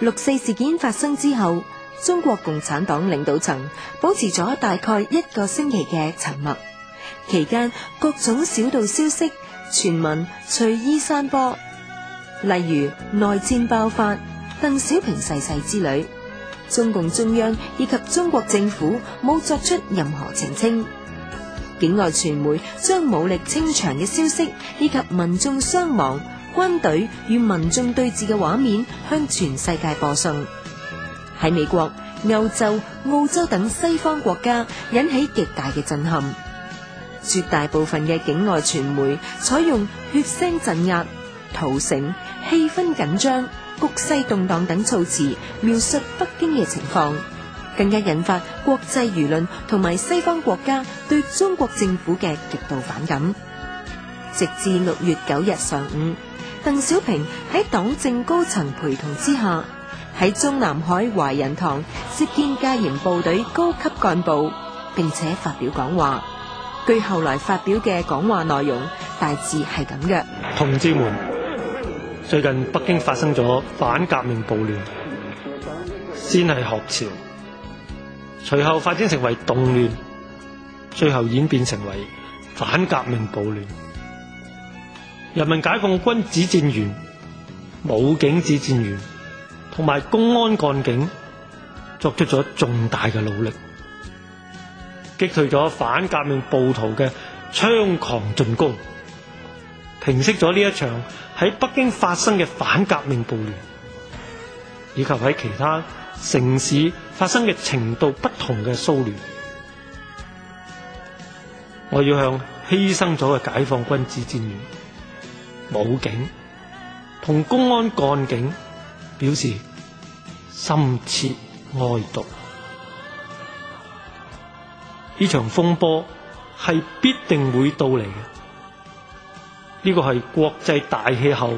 六四事件發生之後，中國共產黨領導層保持咗大概一個星期嘅沉默。期間，各種小道消息、傳聞隨意散播，例如內戰爆發、鄧小平逝世之類，中共中央以及中國政府冇作出任何澄清。境外傳媒將武力清場嘅消息以及民眾傷亡。軍隊與民眾對峙嘅畫面向全世界播送，喺美國、歐洲、澳洲等西方國家引起極大嘅震撼。絕大部分嘅境外傳媒採用血腥鎮壓、屠城、氣氛緊張、局勢動盪等措辭描述北京嘅情況，更加引發國際輿論同埋西方國家對中國政府嘅極度反感。直至六月九日上午。鄧小平喺黨政高層陪同之下，喺中南海懷仁堂接見戒嚴部隊高級幹部，並且發表講話。據後來發表嘅講話內容，大致係咁嘅：同志們，最近北京發生咗反革命暴亂，先係學潮，隨後發展成為動亂，最後演變成為反革命暴亂。人民解放軍指戰員、武警指戰員同埋公安幹警作出咗重大嘅努力，擊退咗反革命暴徒嘅猖狂進攻，平息咗呢一場喺北京發生嘅反革命暴亂，以及喺其他城市發生嘅程度不同嘅騷亂。我要向犧牲咗嘅解放軍指戰員、武警同公安幹警表示深切哀悼。呢場風波係必定會到嚟嘅，呢個係國際大氣候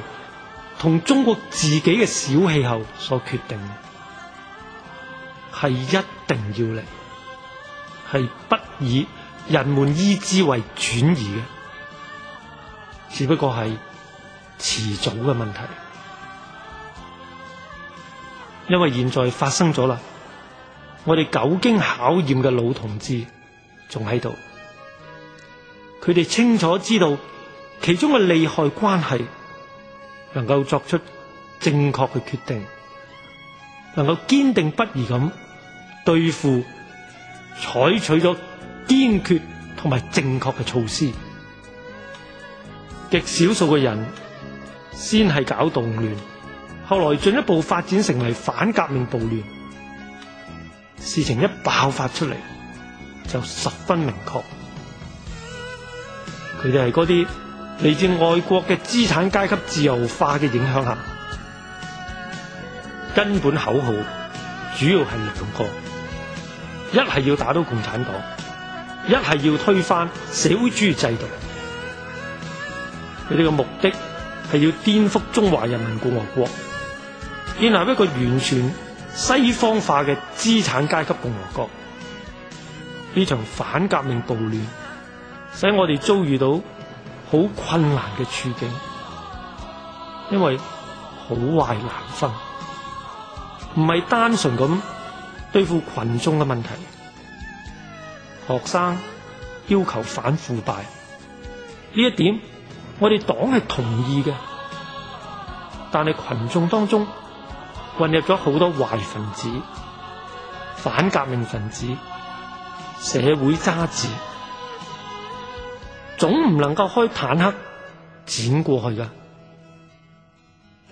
同中國自己嘅小氣候所決定嘅，係一定要嚟，係不以人們意志為轉移嘅，只不過係。遲早嘅問題，因為現在發生咗啦，我哋久經考驗嘅老同志仲喺度，佢哋清楚知道其中嘅利害關係，能夠作出正確嘅決定，能夠堅定不移咁對付，採取咗堅決同埋正確嘅措施，極少數嘅人。先係搞動亂，後來進一步發展成為反革命暴亂。事情一爆發出嚟，就十分明確，佢哋係嗰啲嚟自外國嘅資產階級自由化嘅影響下，根本口號主要係兩個，一係要打倒共產黨，一係要推翻社會主義制度。佢哋嘅目的，係要顛覆中華人民共和國，建立一個完全西方化嘅資產階級共和國。呢場反革命暴亂，使我哋遭遇到好困難嘅處境，因為好壞難分，唔係單純咁對付群眾嘅問題。學生要求反腐敗，呢一點。我哋黨係同意嘅，但係群眾當中混入咗好多壞分子、反革命分子、社會渣子，總唔能夠開坦克剪過去噶。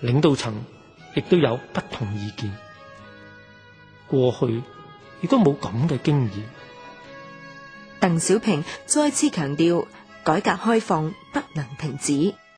領導層亦都有不同意見，過去亦都冇咁嘅經驗。鄧小平再次強調。改革開放不能停止。